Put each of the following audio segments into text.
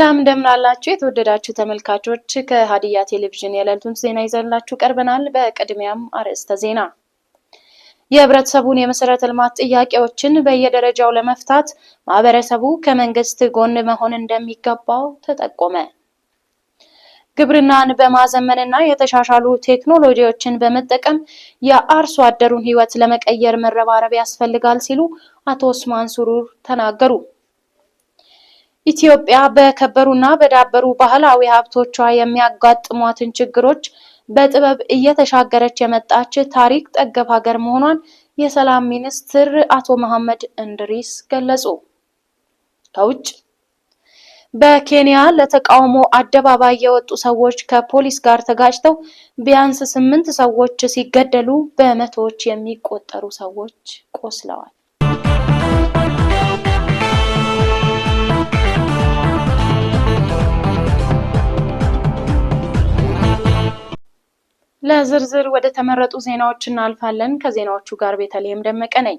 ሰላም እንደምን አላችሁ የተወደዳችሁ ተመልካቾች፣ ከሀዲያ ቴሌቪዥን የዕለቱን ዜና ይዘንላችሁ ቀርበናል። በቅድሚያም አርዕስተ ዜና። የህብረተሰቡን የመሰረተ ልማት ጥያቄዎችን በየደረጃው ለመፍታት ማህበረሰቡ ከመንግስት ጎን መሆን እንደሚገባው ተጠቆመ። ግብርናን በማዘመንና የተሻሻሉ ቴክኖሎጂዎችን በመጠቀም የአርሶ አደሩን ህይወት ለመቀየር መረባረብ ያስፈልጋል ሲሉ አቶ ኡስማን ሱሩር ተናገሩ። ኢትዮጵያ በከበሩና በዳበሩ ባህላዊ ሀብቶቿ የሚያጋጥሟትን ችግሮች በጥበብ እየተሻገረች የመጣች ታሪክ ጠገብ ሀገር መሆኗን የሰላም ሚኒስትር አቶ መሐመድ እንድሪስ ገለጹ። ከውጭ በኬንያ ለተቃውሞ አደባባይ የወጡ ሰዎች ከፖሊስ ጋር ተጋጭተው ቢያንስ ስምንት ሰዎች ሲገደሉ በመቶዎች የሚቆጠሩ ሰዎች ቆስለዋል። ለዝርዝር ወደ ተመረጡ ዜናዎች እናልፋለን። ከዜናዎቹ ጋር ቤተልሔም ደመቀ ነኝ።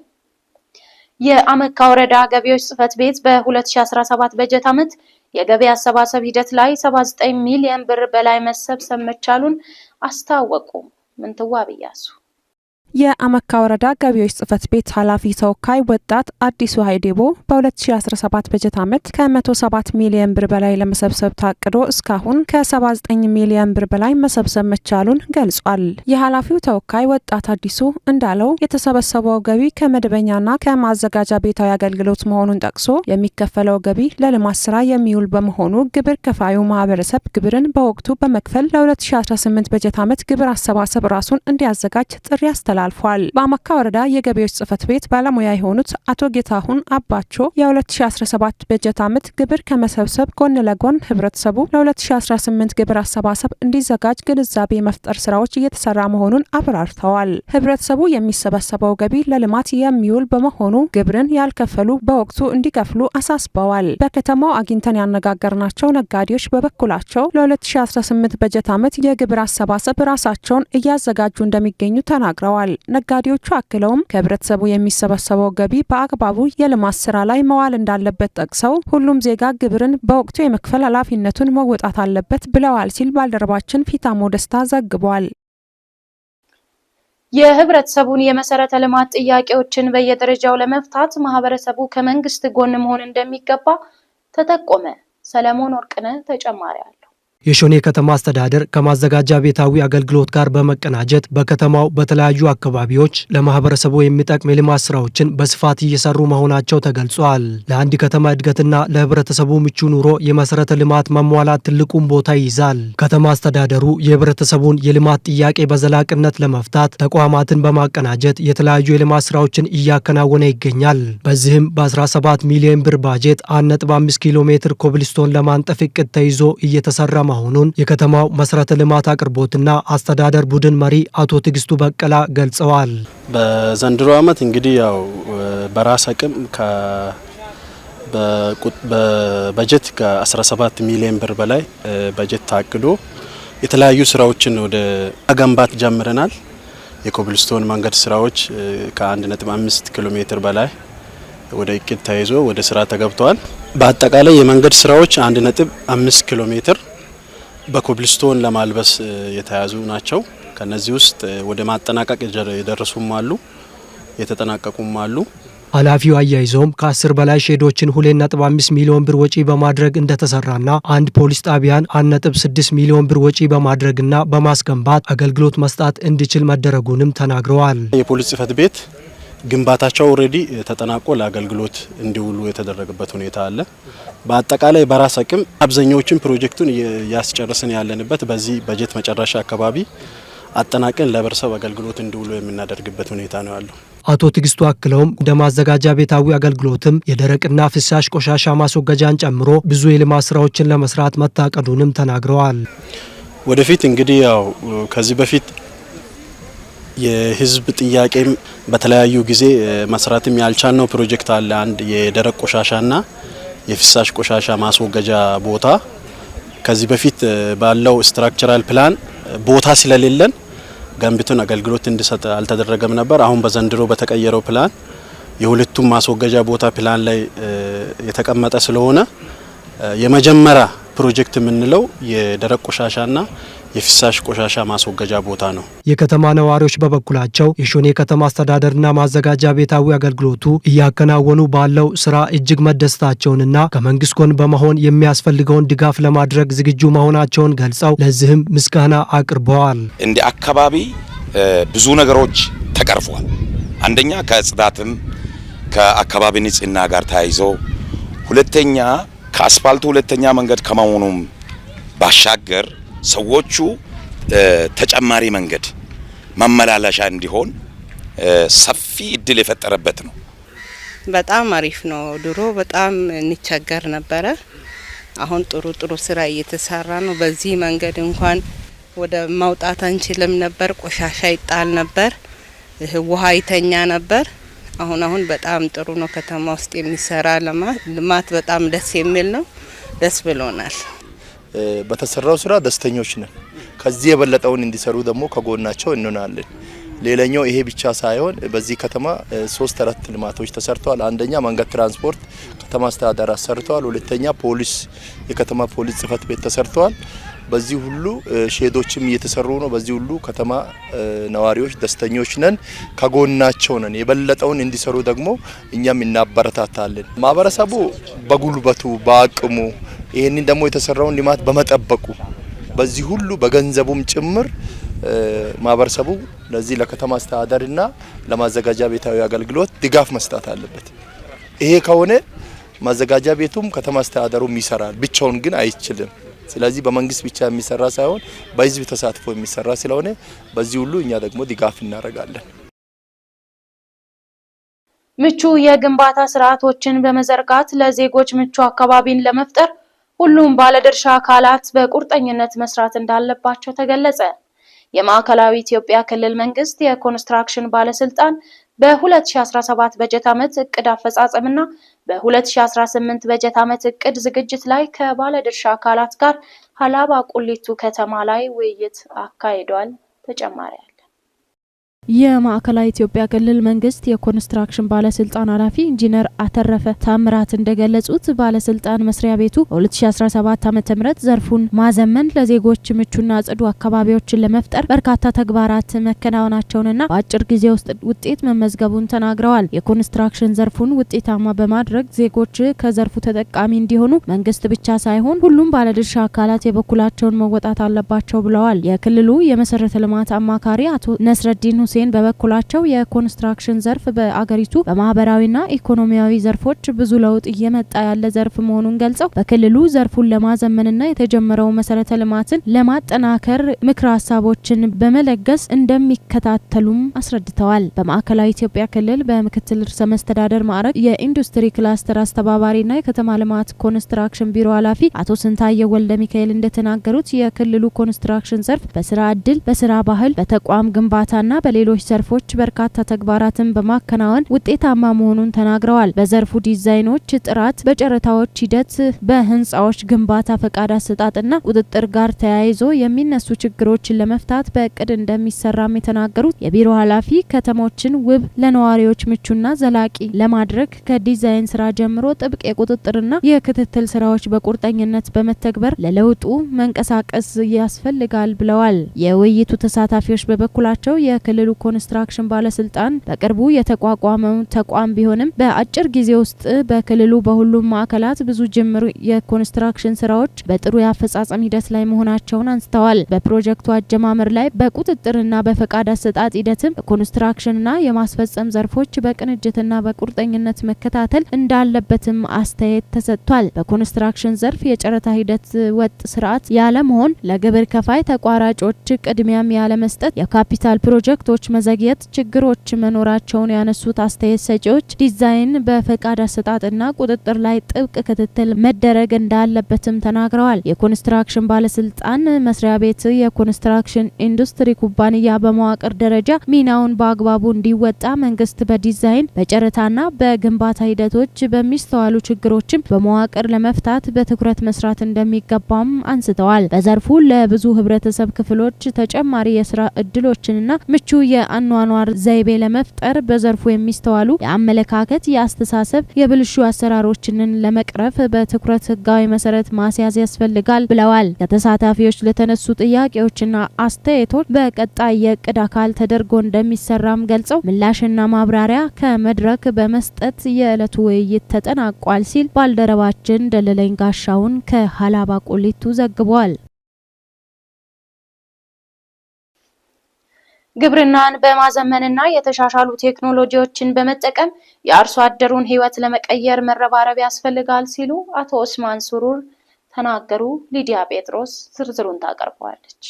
የአመካ ወረዳ ገቢዎች ጽህፈት ቤት በ2017 በጀት ዓመት የገቢ አሰባሰብ ሂደት ላይ 79 ሚሊዮን ብር በላይ መሰብሰብ መቻሉን አስታወቁ። ምንትዋብ እያሱ የአመካ ወረዳ ገቢዎች ጽህፈት ቤት ኃላፊ ተወካይ ወጣት አዲሱ ሀይዴቦ በ2017 በጀት ዓመት ከ107 ሚሊዮን ብር በላይ ለመሰብሰብ ታቅዶ እስካሁን ከ79 ሚሊዮን ብር በላይ መሰብሰብ መቻሉን ገልጿል። የኃላፊው ተወካይ ወጣት አዲሱ እንዳለው የተሰበሰበው ገቢ ከመደበኛና ከማዘጋጃ ቤታዊ አገልግሎት መሆኑን ጠቅሶ የሚከፈለው ገቢ ለልማት ስራ የሚውል በመሆኑ ግብር ከፋዩ ማህበረሰብ ግብርን በወቅቱ በመክፈል ለ2018 በጀት ዓመት ግብር አሰባሰብ ራሱን እንዲያዘጋጅ ጥሪ አስተላል ተላልፏል። በአማካ ወረዳ የገቢዎች ጽህፈት ቤት ባለሙያ የሆኑት አቶ ጌታሁን አባቸው የ2017 በጀት ዓመት ግብር ከመሰብሰብ ጎን ለጎን ህብረተሰቡ ለ2018 ግብር አሰባሰብ እንዲዘጋጅ ግንዛቤ መፍጠር ስራዎች እየተሰራ መሆኑን አብራርተዋል። ህብረተሰቡ የሚሰበሰበው ገቢ ለልማት የሚውል በመሆኑ ግብርን ያልከፈሉ በወቅቱ እንዲከፍሉ አሳስበዋል። በከተማው አግኝተን ያነጋገርናቸው ነጋዴዎች በበኩላቸው ለ2018 በጀት ዓመት የግብር አሰባሰብ ራሳቸውን እያዘጋጁ እንደሚገኙ ተናግረዋል። ገልጿል። ነጋዴዎቹ አክለውም ከህብረተሰቡ የሚሰበሰበው ገቢ በአግባቡ የልማት ስራ ላይ መዋል እንዳለበት ጠቅሰው ሁሉም ዜጋ ግብርን በወቅቱ የመክፈል ኃላፊነቱን መወጣት አለበት ብለዋል ሲል ባልደረባችን ፊታሞ ደስታ ዘግቧል። የህብረተሰቡን የመሰረተ ልማት ጥያቄዎችን በየደረጃው ለመፍታት ማህበረሰቡ ከመንግስት ጎን መሆን እንደሚገባ ተጠቆመ። ሰለሞን ወርቅነህ ተጨማሪ አለ። የሾኔ ከተማ አስተዳደር ከማዘጋጃ ቤታዊ አገልግሎት ጋር በመቀናጀት በከተማው በተለያዩ አካባቢዎች ለማህበረሰቡ የሚጠቅም የልማት ስራዎችን በስፋት እየሰሩ መሆናቸው ተገልጿል። ለአንድ ከተማ እድገትና ለህብረተሰቡ ምቹ ኑሮ የመሰረተ ልማት መሟላት ትልቁን ቦታ ይይዛል። ከተማ አስተዳደሩ የህብረተሰቡን የልማት ጥያቄ በዘላቅነት ለመፍታት ተቋማትን በማቀናጀት የተለያዩ የልማት ስራዎችን እያከናወነ ይገኛል። በዚህም በ17 ሚሊዮን ብር ባጀት 1.5 ኪሎ ሜትር ኮብልስቶን ለማንጠፍ እቅድ ተይዞ እየተሰራ መሆኑን የከተማው መሰረተ ልማት አቅርቦትና አስተዳደር ቡድን መሪ አቶ ትግስቱ በቀላ ገልጸዋል። በዘንድሮ ዓመት እንግዲህ ያው በራስ አቅም በበጀት ከ17 ሚሊዮን ብር በላይ በጀት ታቅዶ የተለያዩ ስራዎችን ወደ መገንባት ጀምረናል። የኮብልስቶን መንገድ ስራዎች ከ1.5 ኪሎ ሜትር በላይ ወደ እቅድ ተይዞ ወደ ስራ ተገብተዋል። በአጠቃላይ የመንገድ ስራዎች 1.5 ኪሎ ሜትር በኮብልስቶን ለማልበስ የተያዙ ናቸው። ከነዚህ ውስጥ ወደ ማጠናቀቅ የደረሱም አሉ፣ የተጠናቀቁም አሉ። ኃላፊው አያይዘውም ከ10 በላይ ሼዶችን 2.5 ሚሊዮን ብር ወጪ በማድረግ እንደተሰራና አንድ ፖሊስ ጣቢያን 1.6 ሚሊዮን ብር ወጪ በማድረግና በማስገንባት አገልግሎት መስጣት እንዲችል መደረጉንም ተናግረዋል። የፖሊስ ጽሕፈት ቤት ግንባታቸው ኦልሬዲ ተጠናቆ ለአገልግሎት እንዲውሉ የተደረገበት ሁኔታ አለ። በአጠቃላይ በራስ አቅም አብዛኛዎችን ፕሮጀክቱን እያስጨርስን ያለንበት በዚህ በጀት መጨረሻ አካባቢ አጠናቀን ለህብረተሰብ አገልግሎት እንዲውሉ የምናደርግበት ሁኔታ ነው ያለው። አቶ ትግስቱ አክለውም እንደ ማዘጋጃ ቤታዊ አገልግሎትም የደረቅና ፍሳሽ ቆሻሻ ማስወገጃን ጨምሮ ብዙ የልማት ስራዎችን ለመስራት መታቀዱንም ተናግረዋል። ወደፊት እንግዲህ ያው ከዚህ በፊት የህዝብ ጥያቄም በተለያዩ ጊዜ መስራትም ያልቻልነው ፕሮጀክት አለ። አንድ የደረቅ ቆሻሻና የፍሳሽ ቆሻሻ ማስወገጃ ቦታ ከዚህ በፊት ባለው ስትራክቸራል ፕላን ቦታ ስለሌለን ገንብተን አገልግሎት እንዲሰጥ አልተደረገም ነበር። አሁን በዘንድሮ በተቀየረው ፕላን የሁለቱም ማስወገጃ ቦታ ፕላን ላይ የተቀመጠ ስለሆነ የመጀመሪያ ፕሮጀክት የምንለው የደረቅ ቆሻሻና የፍሳሽ ቆሻሻ ማስወገጃ ቦታ ነው። የከተማ ነዋሪዎች በበኩላቸው የሾኔ ከተማ አስተዳደርና ማዘጋጃ ቤታዊ አገልግሎቱ እያከናወኑ ባለው ስራ እጅግ መደሰታቸውንና ከመንግስት ጎን በመሆን የሚያስፈልገውን ድጋፍ ለማድረግ ዝግጁ መሆናቸውን ገልጸው ለዚህም ምስጋና አቅርበዋል። እንደ አካባቢ ብዙ ነገሮች ተቀርፏል። አንደኛ ከጽዳትም ከአካባቢ ንጽህና ጋር ተያይዞ፣ ሁለተኛ ከአስፋልቱ ሁለተኛ መንገድ ከመሆኑም ባሻገር ሰዎቹ ተጨማሪ መንገድ ማመላለሻ እንዲሆን ሰፊ እድል የፈጠረበት ነው። በጣም አሪፍ ነው። ድሮ በጣም እንቸገር ነበረ። አሁን ጥሩ ጥሩ ስራ እየተሰራ ነው። በዚህ መንገድ እንኳን ወደ ማውጣት አንችልም ነበር። ቆሻሻ ይጣል ነበር፣ ውሃ ይተኛ ነበር። አሁን አሁን በጣም ጥሩ ነው። ከተማ ውስጥ የሚሰራ ልማት በጣም ደስ የሚል ነው። ደስ ብሎናል። በተሰራው ስራ ደስተኞች ነን። ከዚህ የበለጠውን እንዲሰሩ ደግሞ ከጎናቸው እንሆናለን። ሌላኛው ይሄ ብቻ ሳይሆን በዚህ ከተማ ሶስት አራት ልማቶች ተሰርተዋል። አንደኛ መንገድ ትራንስፖርት ከተማ አስተዳደር አሰርተዋል። ሁለተኛ ፖሊስ የከተማ ፖሊስ ጽህፈት ቤት ተሰርተዋል። በዚህ ሁሉ ሼዶችም እየተሰሩ ነው። በዚህ ሁሉ ከተማ ነዋሪዎች ደስተኞች ነን፣ ከጎናቸው ነን። የበለጠውን እንዲሰሩ ደግሞ እኛም እናበረታታለን። ማህበረሰቡ በጉልበቱ በአቅሙ ይህንን ደግሞ የተሰራውን ልማት በመጠበቁ በዚህ ሁሉ በገንዘቡም ጭምር ማህበረሰቡ ለዚህ ለከተማ አስተዳደርና ለማዘጋጃ ቤታዊ አገልግሎት ድጋፍ መስጠት አለበት። ይሄ ከሆነ ማዘጋጃ ቤቱም ከተማ አስተዳደሩም ይሰራል። ብቻውን ግን አይችልም። ስለዚህ በመንግስት ብቻ የሚሰራ ሳይሆን በህዝብ ተሳትፎ የሚሰራ ስለሆነ በዚህ ሁሉ እኛ ደግሞ ድጋፍ እናደርጋለን። ምቹ የግንባታ ስርዓቶችን በመዘርጋት ለዜጎች ምቹ አካባቢን ለመፍጠር ሁሉም ባለድርሻ አካላት በቁርጠኝነት መስራት እንዳለባቸው ተገለጸ። የማዕከላዊ ኢትዮጵያ ክልል መንግስት የኮንስትራክሽን ባለስልጣን በ2017 በጀት ዓመት እቅድ አፈጻጸምና በ2018 በጀት ዓመት እቅድ ዝግጅት ላይ ከባለድርሻ አካላት ጋር ሀላባ ቁሊቱ ከተማ ላይ ውይይት አካሂዷል። ተጨማሪ የማዕከላዊ ኢትዮጵያ ክልል መንግስት የኮንስትራክሽን ባለስልጣን ኃላፊ ኢንጂነር አተረፈ ታምራት እንደገለጹት ባለስልጣን መስሪያ ቤቱ በ2017 ዓ ም ዘርፉን ማዘመን ለዜጎች ምቹና ጽዱ አካባቢዎችን ለመፍጠር በርካታ ተግባራት መከናወናቸውንና በአጭር ጊዜ ውስጥ ውጤት መመዝገቡን ተናግረዋል። የኮንስትራክሽን ዘርፉን ውጤታማ በማድረግ ዜጎች ከዘርፉ ተጠቃሚ እንዲሆኑ መንግስት ብቻ ሳይሆን ሁሉም ባለድርሻ አካላት የበኩላቸውን መወጣት አለባቸው ብለዋል። የክልሉ የመሰረተ ልማት አማካሪ አቶ ነስረዲን ሁሴን በበኩላቸው የኮንስትራክሽን ዘርፍ በአገሪቱ በማህበራዊና ኢኮኖሚያዊ ዘርፎች ብዙ ለውጥ እየመጣ ያለ ዘርፍ መሆኑን ገልጸው በክልሉ ዘርፉን ለማዘመንና የተጀመረው መሰረተ ልማትን ለማጠናከር ምክረ ሀሳቦችን በመለገስ እንደሚከታተሉም አስረድተዋል። በማዕከላዊ ኢትዮጵያ ክልል በምክትል ርዕሰ መስተዳደር ማዕረግ የኢንዱስትሪ ክላስተር አስተባባሪና የከተማ ልማት ኮንስትራክሽን ቢሮ ኃላፊ አቶ ስንታየ ወልደ ሚካኤል እንደተናገሩት የክልሉ ኮንስትራክሽን ዘርፍ በስራ እድል፣ በስራ ባህል፣ በተቋም ግንባታና በሌ ሌሎች ዘርፎች በርካታ ተግባራትን በማከናወን ውጤታማ መሆኑን ተናግረዋል። በዘርፉ ዲዛይኖች ጥራት፣ በጨረታዎች ሂደት፣ በህንፃዎች ግንባታ ፈቃድ አሰጣጥና ቁጥጥር ጋር ተያይዞ የሚነሱ ችግሮችን ለመፍታት በእቅድ እንደሚሰራም የተናገሩት የቢሮ ኃላፊ ከተሞችን ውብ ለነዋሪዎች ምቹና ዘላቂ ለማድረግ ከዲዛይን ስራ ጀምሮ ጥብቅ የቁጥጥርና የክትትል ስራዎች በቁርጠኝነት በመተግበር ለለውጡ መንቀሳቀስ ያስፈልጋል ብለዋል። የውይይቱ ተሳታፊዎች በበኩላቸው የክልሉ የክልሉ ኮንስትራክሽን ባለስልጣን በቅርቡ የተቋቋመው ተቋም ቢሆንም በአጭር ጊዜ ውስጥ በክልሉ በሁሉም ማዕከላት ብዙ ጅምር የኮንስትራክሽን ስራዎች በጥሩ የአፈጻጸም ሂደት ላይ መሆናቸውን አንስተዋል። በፕሮጀክቱ አጀማመር ላይ በቁጥጥርና በፈቃድ አሰጣጥ ሂደትም ኮንስትራክሽንና የማስፈጸም ዘርፎች በቅንጅትና በቁርጠኝነት መከታተል እንዳለበትም አስተያየት ተሰጥቷል። በኮንስትራክሽን ዘርፍ የጨረታ ሂደት ወጥ ስርዓት ያለመሆን፣ ለግብር ከፋይ ተቋራጮች ቅድሚያም ያለመስጠት፣ የካፒታል ፕሮጀክቶች ስራዎች መዘግየት ችግሮች መኖራቸውን ያነሱት አስተያየት ሰጪዎች ዲዛይን በፈቃድ አሰጣጥና ቁጥጥር ላይ ጥብቅ ክትትል መደረግ እንዳለበትም ተናግረዋል። የኮንስትራክሽን ባለስልጣን መስሪያ ቤት የኮንስትራክሽን ኢንዱስትሪ ኩባንያ በመዋቅር ደረጃ ሚናውን በአግባቡ እንዲወጣ መንግስት በዲዛይን በጨረታና በግንባታ ሂደቶች በሚስተዋሉ ችግሮችም በመዋቅር ለመፍታት በትኩረት መስራት እንደሚገባም አንስተዋል። በዘርፉ ለብዙ ህብረተሰብ ክፍሎች ተጨማሪ የስራ እድሎችንና ምቹ የአኗኗር ዘይቤ ለመፍጠር በዘርፉ የሚስተዋሉ የአመለካከት፣ የአስተሳሰብ፣ የብልሹ አሰራሮችንን ለመቅረፍ በትኩረት ህጋዊ መሰረት ማስያዝ ያስፈልጋል ብለዋል። ከተሳታፊዎች ለተነሱ ጥያቄዎችና አስተያየቶች በቀጣይ የእቅድ አካል ተደርጎ እንደሚሰራም ገልጸው ምላሽና ማብራሪያ ከመድረክ በመስጠት የዕለቱ ውይይት ተጠናቋል ሲል ባልደረባችን ደለለኝ ጋሻውን ከሀላባ ቁሊቱ ዘግቧል። ግብርናን በማዘመንና የተሻሻሉ ቴክኖሎጂዎችን በመጠቀም የአርሶ አደሩን ሕይወት ለመቀየር መረባረብ ያስፈልጋል ሲሉ አቶ ኡስማን ሱሩር ተናገሩ። ሊዲያ ጴጥሮስ ዝርዝሩን ታቀርበዋለች።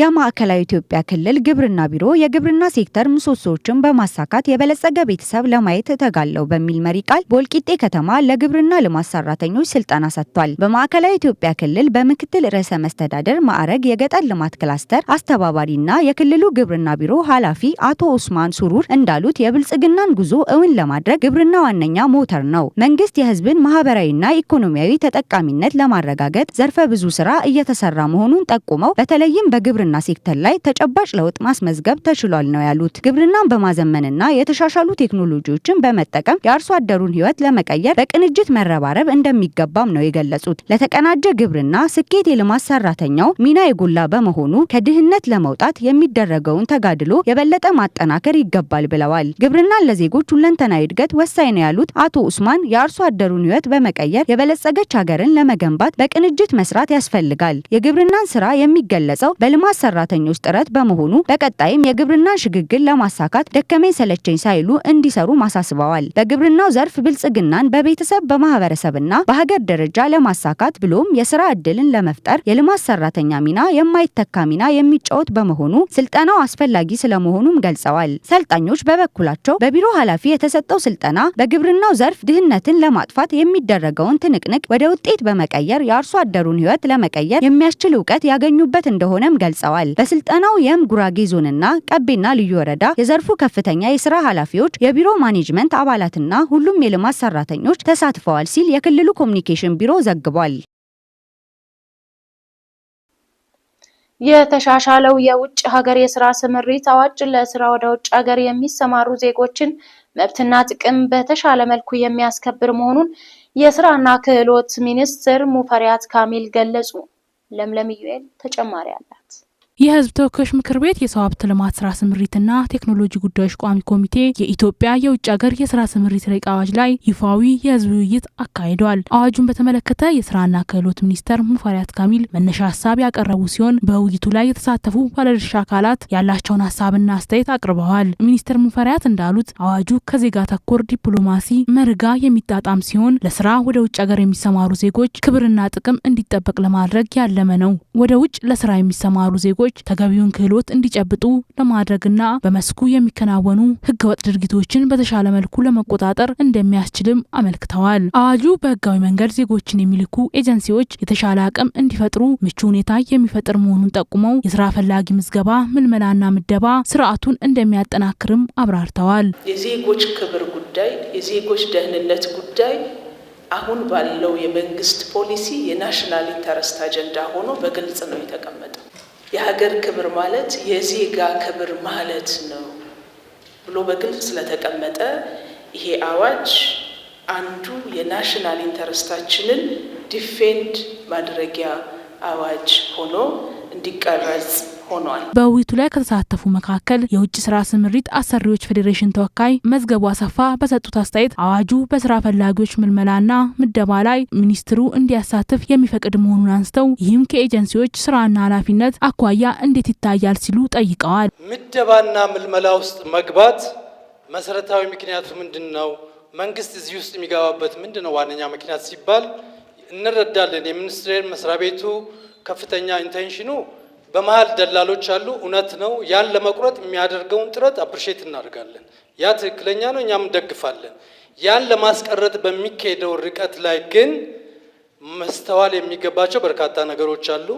የማዕከላዊ ኢትዮጵያ ክልል ግብርና ቢሮ የግብርና ሴክተር ምሰሶዎችን በማሳካት የበለጸገ ቤተሰብ ለማየት እተጋለሁ በሚል መሪ ቃል በወልቂጤ ከተማ ለግብርና ልማት ሰራተኞች ስልጠና ሰጥቷል። በማዕከላዊ ኢትዮጵያ ክልል በምክትል ርዕሰ መስተዳደር ማዕረግ የገጠር ልማት ክላስተር አስተባባሪና የክልሉ ግብርና ቢሮ ኃላፊ አቶ ኡስማን ሱሩር እንዳሉት የብልጽግናን ጉዞ እውን ለማድረግ ግብርና ዋነኛ ሞተር ነው። መንግስት የህዝብን ማህበራዊና ኢኮኖሚያዊ ተጠቃሚነት ለማረጋገጥ ዘርፈ ብዙ ስራ እየተሰራ መሆኑን ጠቁመው በተለይም በግብር የግብርና ሴክተር ላይ ተጨባጭ ለውጥ ማስመዝገብ ተችሏል ነው ያሉት። ግብርናን በማዘመንና የተሻሻሉ ቴክኖሎጂዎችን በመጠቀም የአርሶ አደሩን ሕይወት ለመቀየር በቅንጅት መረባረብ እንደሚገባም ነው የገለጹት። ለተቀናጀ ግብርና ስኬት የልማት ሰራተኛው ሚና የጎላ በመሆኑ ከድህነት ለመውጣት የሚደረገውን ተጋድሎ የበለጠ ማጠናከር ይገባል ብለዋል። ግብርናን ለዜጎች ሁለንተናዊ እድገት ወሳኝ ነው ያሉት አቶ ኡስማን የአርሶ አደሩን ሕይወት በመቀየር የበለጸገች ሀገርን ለመገንባት በቅንጅት መስራት ያስፈልጋል። የግብርናን ስራ የሚገለጸው በልማት የልማት ሰራተኞች ጥረት በመሆኑ በቀጣይም የግብርና ሽግግር ለማሳካት ደከመኝ ሰለቸኝ ሳይሉ እንዲሰሩ ማሳስበዋል። በግብርናው ዘርፍ ብልጽግናን በቤተሰብ በማህበረሰብና በሀገር ደረጃ ለማሳካት ብሎም የስራ ዕድልን ለመፍጠር የልማት ሰራተኛ ሚና የማይተካ ሚና የሚጫወት በመሆኑ ስልጠናው አስፈላጊ ስለመሆኑም ገልጸዋል። ሰልጣኞች በበኩላቸው በቢሮ ኃላፊ የተሰጠው ስልጠና በግብርናው ዘርፍ ድህነትን ለማጥፋት የሚደረገውን ትንቅንቅ ወደ ውጤት በመቀየር የአርሶ አደሩን ህይወት ለመቀየር የሚያስችል እውቀት ያገኙበት እንደሆነም ገልጸዋል። ገልጸዋል። በስልጠናው የም ጉራጌ ዞንና ቀቤና ልዩ ወረዳ የዘርፉ ከፍተኛ የስራ ኃላፊዎች፣ የቢሮ ማኔጅመንት አባላትና ሁሉም የልማት ሰራተኞች ተሳትፈዋል ሲል የክልሉ ኮሚኒኬሽን ቢሮ ዘግቧል። የተሻሻለው የውጭ ሀገር የስራ ስምሪት አዋጅ ለስራ ወደ ውጭ ሀገር የሚሰማሩ ዜጎችን መብትና ጥቅም በተሻለ መልኩ የሚያስከብር መሆኑን የስራና ክህሎት ሚኒስትር ሙፈሪያት ካሚል ገለጹ። ለምለም ዩኤል ተጨማሪ አለ። የህዝብ ተወካዮች ምክር ቤት የሰው ሀብት ልማት ስራ ስምሪትና ቴክኖሎጂ ጉዳዮች ቋሚ ኮሚቴ የኢትዮጵያ የውጭ ሀገር የስራ ስምሪት ረቂቅ አዋጅ ላይ ይፋዊ የህዝብ ውይይት አካሂደዋል። አዋጁን በተመለከተ የስራና ክህሎት ሚኒስተር ሙፈሪያት ካሚል መነሻ ሀሳብ ያቀረቡ ሲሆን በውይይቱ ላይ የተሳተፉ ባለድርሻ አካላት ያላቸውን ሀሳብና አስተያየት አቅርበዋል። ሚኒስተር ሙፈሪያት እንዳሉት አዋጁ ከዜጋ ተኮር ዲፕሎማሲ መርጋ የሚጣጣም ሲሆን ለስራ ወደ ውጭ ሀገር የሚሰማሩ ዜጎች ክብርና ጥቅም እንዲጠበቅ ለማድረግ ያለመ ነው። ወደ ውጭ ለስራ የሚሰማሩ ዜጎች ዜጎች ተገቢውን ክህሎት እንዲጨብጡ ለማድረግና በመስኩ የሚከናወኑ ህገወጥ ድርጊቶችን በተሻለ መልኩ ለመቆጣጠር እንደሚያስችልም አመልክተዋል። አዋጁ በህጋዊ መንገድ ዜጎችን የሚልኩ ኤጀንሲዎች የተሻለ አቅም እንዲፈጥሩ ምቹ ሁኔታ የሚፈጥር መሆኑን ጠቁመው የስራ ፈላጊ ምዝገባ፣ ምልመላና ምደባ ስርዓቱን እንደሚያጠናክርም አብራርተዋል። የዜጎች ክብር ጉዳይ፣ የዜጎች ደህንነት ጉዳይ አሁን ባለው የመንግስት ፖሊሲ የናሽናል ኢንተረስት አጀንዳ ሆኖ በግልጽ ነው የተቀመጠው። የሀገር ክብር ማለት የዜጋ ክብር ማለት ነው ብሎ በግልጽ ስለተቀመጠ ይሄ አዋጅ አንዱ የናሽናል ኢንተረስታችንን ዲፌንድ ማድረጊያ አዋጅ ሆኖ እንዲቀረጽ ሆኗል። በውይይቱ ላይ ከተሳተፉ መካከል የውጭ ስራ ስምሪት አሰሪዎች ፌዴሬሽን ተወካይ መዝገቡ አሰፋ በሰጡት አስተያየት አዋጁ በስራ ፈላጊዎች ምልመላና ምደባ ላይ ሚኒስትሩ እንዲያሳትፍ የሚፈቅድ መሆኑን አንስተው ይህም ከኤጀንሲዎች ስራና ኃላፊነት አኳያ እንዴት ይታያል ሲሉ ጠይቀዋል። ምደባና ምልመላ ውስጥ መግባት መሰረታዊ ምክንያቱ ምንድን ነው? መንግስት እዚህ ውስጥ የሚገባበት ምንድን ነው ዋነኛ ምክንያት ሲባል እንረዳለን። የሚኒስቴር መስሪያ ቤቱ ከፍተኛ ኢንቴንሽኑ በመሀል ደላሎች አሉ። እውነት ነው። ያን ለመቁረጥ የሚያደርገውን ጥረት አፕሪሼት እናደርጋለን። ያ ትክክለኛ ነው፣ እኛም እንደግፋለን። ያን ለማስቀረት በሚካሄደው ርቀት ላይ ግን መስተዋል የሚገባቸው በርካታ ነገሮች አሉ።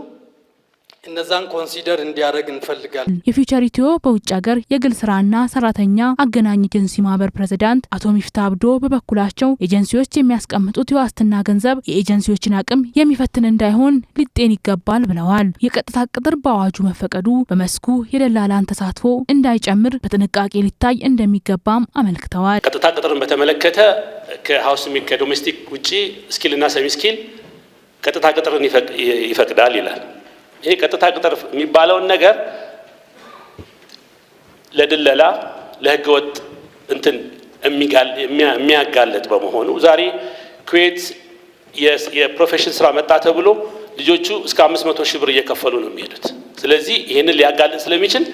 እነዛን ኮንሲደር እንዲያደርግ እንፈልጋለን። የፊውቸር ኢትዮ በውጭ ሀገር የግል ስራና ሰራተኛ አገናኝ ኤጀንሲ ማህበር ፕሬዚዳንት አቶ ሚፍታ አብዶ በበኩላቸው ኤጀንሲዎች የሚያስቀምጡት የዋስትና ገንዘብ የኤጀንሲዎችን አቅም የሚፈትን እንዳይሆን ሊጤን ይገባል ብለዋል። የቀጥታ ቅጥር በአዋጁ መፈቀዱ በመስኩ የደላላን ተሳትፎ እንዳይጨምር በጥንቃቄ ሊታይ እንደሚገባም አመልክተዋል። ቀጥታ ቅጥርን በተመለከተ ከሀውስ ከዶሜስቲክ ውጭ ስኪልና ሰሚ ስኪል ቀጥታ ቅጥርን ይፈቅዳል ይላል ይሄ ቀጥታ ቅጥር የሚባለውን ነገር ለድለላ ለህገወጥ እንትን የሚያጋለጥ በመሆኑ ዛሬ ኩዌት የፕሮፌሽን ስራ መጣ ተብሎ ልጆቹ እስከ አምስት መቶ ሺህ ብር እየከፈሉ ነው የሚሄዱት። ስለዚህ ይህንን ሊያጋልጥ ስለሚችል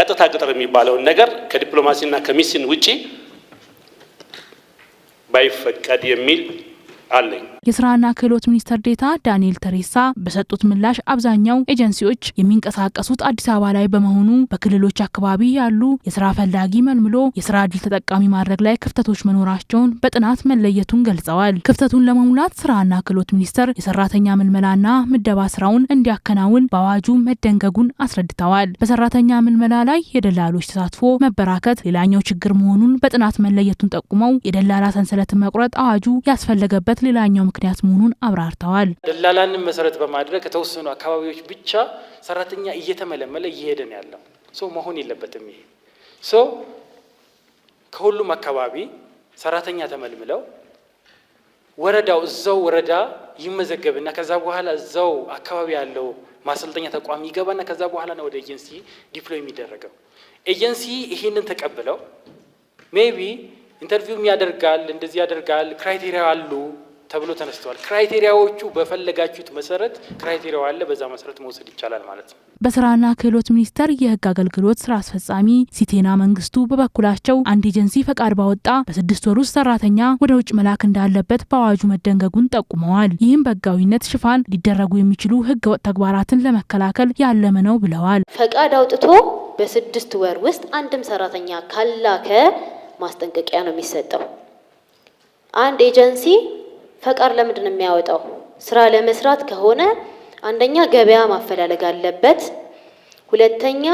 ቀጥታ ቅጥር የሚባለውን ነገር ከዲፕሎማሲና ከሚስን ውጪ ባይፈቀድ የሚል አለኝ። የስራና ክህሎት ሚኒስትር ዴታ ዳንኤል ተሬሳ በሰጡት ምላሽ አብዛኛው ኤጀንሲዎች የሚንቀሳቀሱት አዲስ አበባ ላይ በመሆኑ በክልሎች አካባቢ ያሉ የስራ ፈላጊ መልምሎ የስራ እድል ተጠቃሚ ማድረግ ላይ ክፍተቶች መኖራቸውን በጥናት መለየቱን ገልጸዋል። ክፍተቱን ለመሙላት ስራና ክህሎት ሚኒስቴር የሰራተኛ ምልመላና ምደባ ስራውን እንዲያከናውን በአዋጁ መደንገጉን አስረድተዋል። በሰራተኛ ምልመላ ላይ የደላሎች ተሳትፎ መበራከት ሌላኛው ችግር መሆኑን በጥናት መለየቱን ጠቁመው የደላላ ሰንሰለትን መቁረጥ አዋጁ ያስፈለገበት መዘጋት ሌላኛው ምክንያት መሆኑን አብራርተዋል። ደላላንን መሰረት በማድረግ ከተወሰኑ አካባቢዎች ብቻ ሰራተኛ እየተመለመለ እየሄደ ነው ያለው። ሰው መሆን የለበትም ይሄ ሰው ከሁሉም አካባቢ ሰራተኛ ተመልምለው ወረዳው እዛው ወረዳ ይመዘገብና ከዛ በኋላ እዛው አካባቢ ያለው ማሰልጠኛ ተቋም ይገባና ከዛ በኋላ ነው ወደ ኤጀንሲ ዲፕሎይ የሚደረገው። ኤጀንሲ ይህንን ተቀብለው ሜቢ ኢንተርቪውም ያደርጋል፣ እንደዚህ ያደርጋል፣ ክራይቴሪያ አሉ ተብሎ ተነስተዋል። ክራይቴሪያዎቹ በፈለጋችሁት መሰረት ክራይቴሪያው አለ። በዛ መሰረት መውሰድ ይቻላል ማለት ነው። በስራና ክህሎት ሚኒስቴር የህግ አገልግሎት ስራ አስፈጻሚ ሲቴና መንግስቱ በበኩላቸው አንድ ኤጀንሲ ፈቃድ ባወጣ በስድስት ወር ውስጥ ሰራተኛ ወደ ውጭ መላክ እንዳለበት በአዋጁ መደንገጉን ጠቁመዋል። ይህም በህጋዊነት ሽፋን ሊደረጉ የሚችሉ ህገ ወጥ ተግባራትን ለመከላከል ያለመ ነው ብለዋል። ፈቃድ አውጥቶ በስድስት ወር ውስጥ አንድም ሰራተኛ ካላከ ማስጠንቀቂያ ነው የሚሰጠው። አንድ ኤጀንሲ ፈቃድ ለምንድን ነው የሚያወጣው? ስራ ለመስራት ከሆነ አንደኛ ገበያ ማፈላለግ አለበት። ሁለተኛ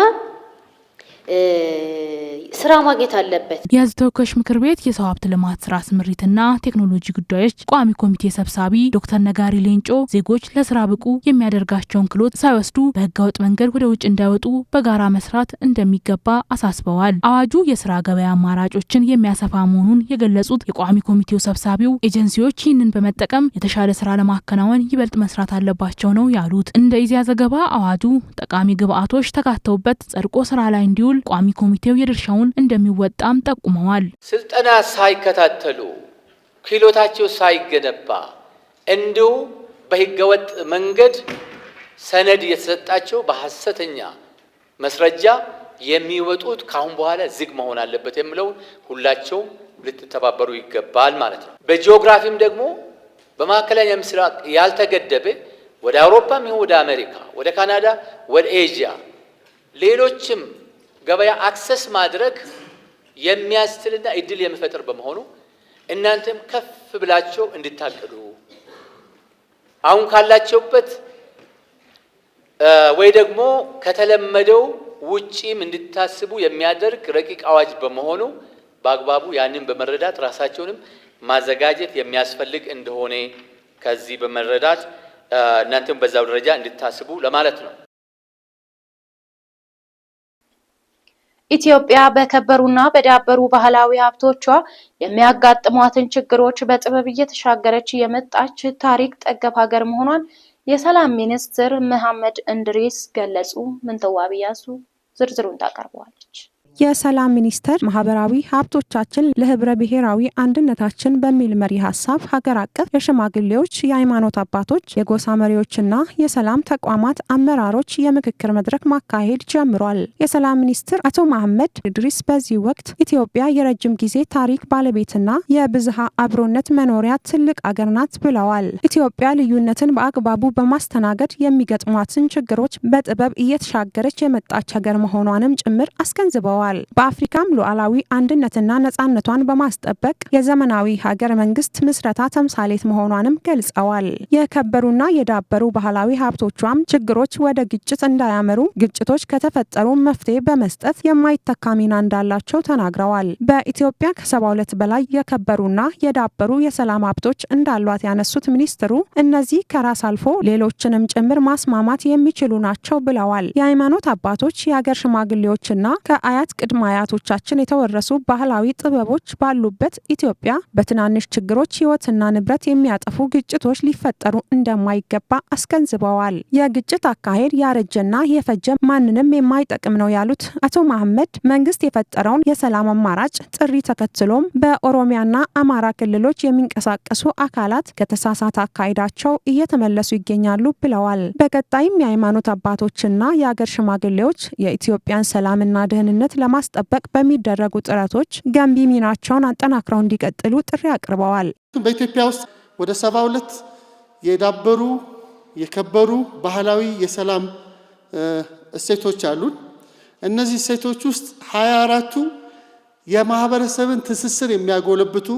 ስራ ማግኘት አለበት። የህዝብ ተወካዮች ምክር ቤት የሰው ሀብት ልማት ስራ ስምሪትና ቴክኖሎጂ ጉዳዮች ቋሚ ኮሚቴ ሰብሳቢ ዶክተር ነጋሪ ሌንጮ ዜጎች ለስራ ብቁ የሚያደርጋቸውን ክሎት ሳይወስዱ በህገወጥ መንገድ ወደ ውጭ እንዳይወጡ በጋራ መስራት እንደሚገባ አሳስበዋል። አዋጁ የስራ ገበያ አማራጮችን የሚያሰፋ መሆኑን የገለጹት የቋሚ ኮሚቴው ሰብሳቢው ኤጀንሲዎች ይህንን በመጠቀም የተሻለ ስራ ለማከናወን ይበልጥ መስራት አለባቸው ነው ያሉት። እንደ ኢዜአ ዘገባ አዋጁ ጠቃሚ ግብአቶች ተካተውበት ጸድቆ ስራ ላይ እንዲውል በኩል ቋሚ ኮሚቴው የድርሻውን እንደሚወጣም ጠቁመዋል። ስልጠና ሳይከታተሉ ክህሎታቸው ሳይገነባ እንዲሁ በህገወጥ መንገድ ሰነድ የተሰጣቸው በሐሰተኛ መስረጃ የሚወጡት ካሁን በኋላ ዝግ መሆን አለበት የምለው ሁላቸው ልትተባበሩ ይገባል ማለት ነው። በጂኦግራፊም ደግሞ በመካከለኛ ምስራቅ ያልተገደበ ወደ አውሮፓም ይሁን ወደ አሜሪካ፣ ወደ ካናዳ፣ ወደ ኤዥያ ሌሎችም ገበያ አክሰስ ማድረግ የሚያስችልና እድል የሚፈጥር በመሆኑ እናንተም ከፍ ብላቸው እንድታቅዱ አሁን ካላቸውበት ወይ ደግሞ ከተለመደው ውጪም እንድታስቡ የሚያደርግ ረቂቅ አዋጅ በመሆኑ በአግባቡ ያንን በመረዳት ራሳቸውንም ማዘጋጀት የሚያስፈልግ እንደሆነ ከዚህ በመረዳት እናንተም በዛው ደረጃ እንድታስቡ ለማለት ነው። ኢትዮጵያ በከበሩና በዳበሩ ባህላዊ ሀብቶቿ የሚያጋጥሟትን ችግሮች በጥበብ እየተሻገረች የመጣች ታሪክ ጠገብ ሀገር መሆኗን የሰላም ሚኒስትር መሐመድ እንድሪስ ገለጹ። ምንተዋብ ያሱ ዝርዝሩን ታቀርበዋለች። የሰላም ሚኒስቴር ማህበራዊ ሀብቶቻችን ለህብረ ብሔራዊ አንድነታችን በሚል መሪ ሀሳብ ሀገር አቀፍ የሽማግሌዎች፣ የሃይማኖት አባቶች፣ የጎሳ መሪዎችና የሰላም ተቋማት አመራሮች የምክክር መድረክ ማካሄድ ጀምሯል። የሰላም ሚኒስትር አቶ መሐመድ ድሪስ በዚህ ወቅት ኢትዮጵያ የረጅም ጊዜ ታሪክ ባለቤትና የብዝሃ አብሮነት መኖሪያ ትልቅ አገር ናት ብለዋል። ኢትዮጵያ ልዩነትን በአግባቡ በማስተናገድ የሚገጥሟትን ችግሮች በጥበብ እየተሻገረች የመጣች ሀገር መሆኗንም ጭምር አስገንዝበዋል። ገልጸዋል። በአፍሪካም ሉዓላዊ አንድነትና ነጻነቷን በማስጠበቅ የዘመናዊ ሀገር መንግስት ምስረታ ተምሳሌት መሆኗንም ገልጸዋል። የከበሩና የዳበሩ ባህላዊ ሀብቶቿም ችግሮች ወደ ግጭት እንዳያመሩ፣ ግጭቶች ከተፈጠሩ መፍትሄ በመስጠት የማይተካ ሚና እንዳላቸው ተናግረዋል። በኢትዮጵያ ከሰባ 72 በላይ የከበሩና የዳበሩ የሰላም ሀብቶች እንዳሏት ያነሱት ሚኒስትሩ እነዚህ ከራስ አልፎ ሌሎችንም ጭምር ማስማማት የሚችሉ ናቸው ብለዋል። የሃይማኖት አባቶች፣ የሀገር ሽማግሌዎችና ከአያት ቅድመ አያቶቻችን የተወረሱ ባህላዊ ጥበቦች ባሉበት ኢትዮጵያ በትናንሽ ችግሮች ሕይወትና ንብረት የሚያጠፉ ግጭቶች ሊፈጠሩ እንደማይገባ አስገንዝበዋል። የግጭት አካሄድ ያረጀና የፈጀ ማንንም የማይጠቅም ነው ያሉት አቶ መሐመድ መንግስት የፈጠረውን የሰላም አማራጭ ጥሪ ተከትሎም በኦሮሚያና አማራ ክልሎች የሚንቀሳቀሱ አካላት ከተሳሳተ አካሄዳቸው እየተመለሱ ይገኛሉ ብለዋል። በቀጣይም የሃይማኖት አባቶችና የአገር ሽማግሌዎች የኢትዮጵያን ሰላምና ደህንነት ለማስጠበቅ በሚደረጉ ጥረቶች ገንቢ ሚናቸውን አጠናክረው እንዲቀጥሉ ጥሪ አቅርበዋል። በኢትዮጵያ ውስጥ ወደ ሰባ ሁለት የዳበሩ የከበሩ ባህላዊ የሰላም እሴቶች አሉን። እነዚህ እሴቶች ውስጥ ሀያ አራቱ የማህበረሰብን ትስስር የሚያጎለብቱ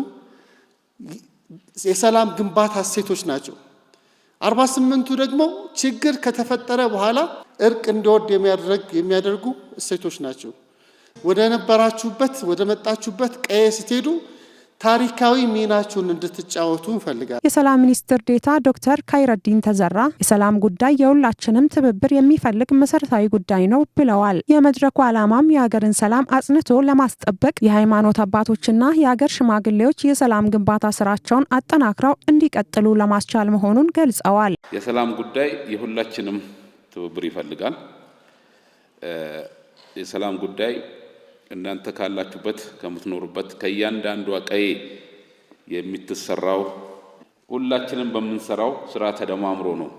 የሰላም ግንባታ እሴቶች ናቸው። አርባ ስምንቱ ደግሞ ችግር ከተፈጠረ በኋላ እርቅ እንዲወርድ የሚያደርጉ እሴቶች ናቸው። ወደ ነበራችሁበት ወደ መጣችሁበት ቀየ ስትሄዱ ታሪካዊ ሚናችሁን እንድትጫወቱ እንፈልጋለን። የሰላም ሚኒስትር ዴታ ዶክተር ካይረዲን ተዘራ የሰላም ጉዳይ የሁላችንም ትብብር የሚፈልግ መሰረታዊ ጉዳይ ነው ብለዋል። የመድረኩ ዓላማም የሀገርን ሰላም አጽንቶ ለማስጠበቅ የሃይማኖት አባቶችና የሀገር ሽማግሌዎች የሰላም ግንባታ ስራቸውን አጠናክረው እንዲቀጥሉ ለማስቻል መሆኑን ገልጸዋል። የሰላም ጉዳይ የሁላችንም ትብብር ይፈልጋል። የሰላም ጉዳይ እናንተ ካላችሁበት ከምትኖሩበት ከእያንዳንዷ ቀዬ የምትሰራው ሁላችንም በምንሰራው ስራ ተደማምሮ ነው።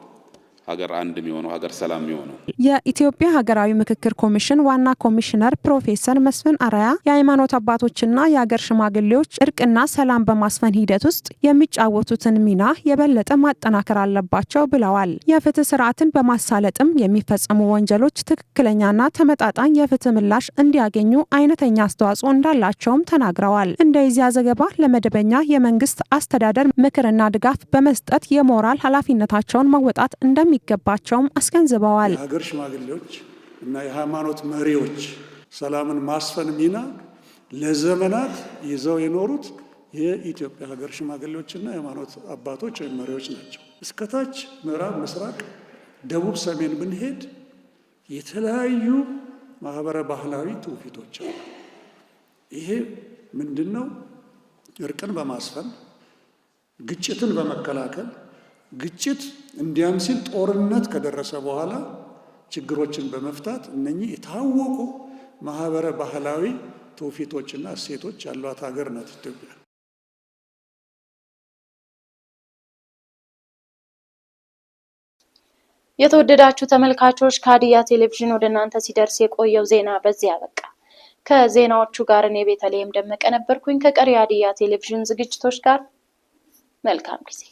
ሀገር አንድ የሚሆነው ሀገር ሰላም የሚሆነው። የኢትዮጵያ ሀገራዊ ምክክር ኮሚሽን ዋና ኮሚሽነር ፕሮፌሰር መስፍን አራያ የሃይማኖት አባቶችና የሀገር ሽማግሌዎች እርቅና ሰላም በማስፈን ሂደት ውስጥ የሚጫወቱትን ሚና የበለጠ ማጠናከር አለባቸው ብለዋል። የፍትህ ስርዓትን በማሳለጥም የሚፈጸሙ ወንጀሎች ትክክለኛና ተመጣጣኝ የፍትህ ምላሽ እንዲያገኙ አይነተኛ አስተዋጽኦ እንዳላቸውም ተናግረዋል። እንደዚያ ዘገባ ለመደበኛ የመንግስት አስተዳደር ምክርና ድጋፍ በመስጠት የሞራል ኃላፊነታቸውን መወጣት እንደሚ እንደሚገባቸውም አስገንዝበዋል። የሀገር ሽማግሌዎች እና የሃይማኖት መሪዎች ሰላምን ማስፈን ሚና ለዘመናት ይዘው የኖሩት የኢትዮጵያ ሀገር ሽማግሌዎችና የሃይማኖት አባቶች ወይም መሪዎች ናቸው። እስከታች ምዕራብ፣ ምስራቅ፣ ደቡብ፣ ሰሜን ብንሄድ የተለያዩ ማህበረ ባህላዊ ትውፊቶች አሉ። ይሄ ምንድን ነው? እርቅን በማስፈን ግጭትን በመከላከል ግጭት እንዲያም ሲል ጦርነት ከደረሰ በኋላ ችግሮችን በመፍታት እነኚህ የታወቁ ማህበረ ባህላዊ ትውፊቶችና እሴቶች ያሏት ሀገር ናት ኢትዮጵያ። የተወደዳችሁ ተመልካቾች ከሀዲያ ቴሌቪዥን ወደ እናንተ ሲደርስ የቆየው ዜና በዚህ አበቃ። ከዜናዎቹ ጋር እኔ ቤተልሔም ደመቀ ነበርኩኝ። ከቀሪ ሀዲያ ቴሌቪዥን ዝግጅቶች ጋር መልካም ጊዜ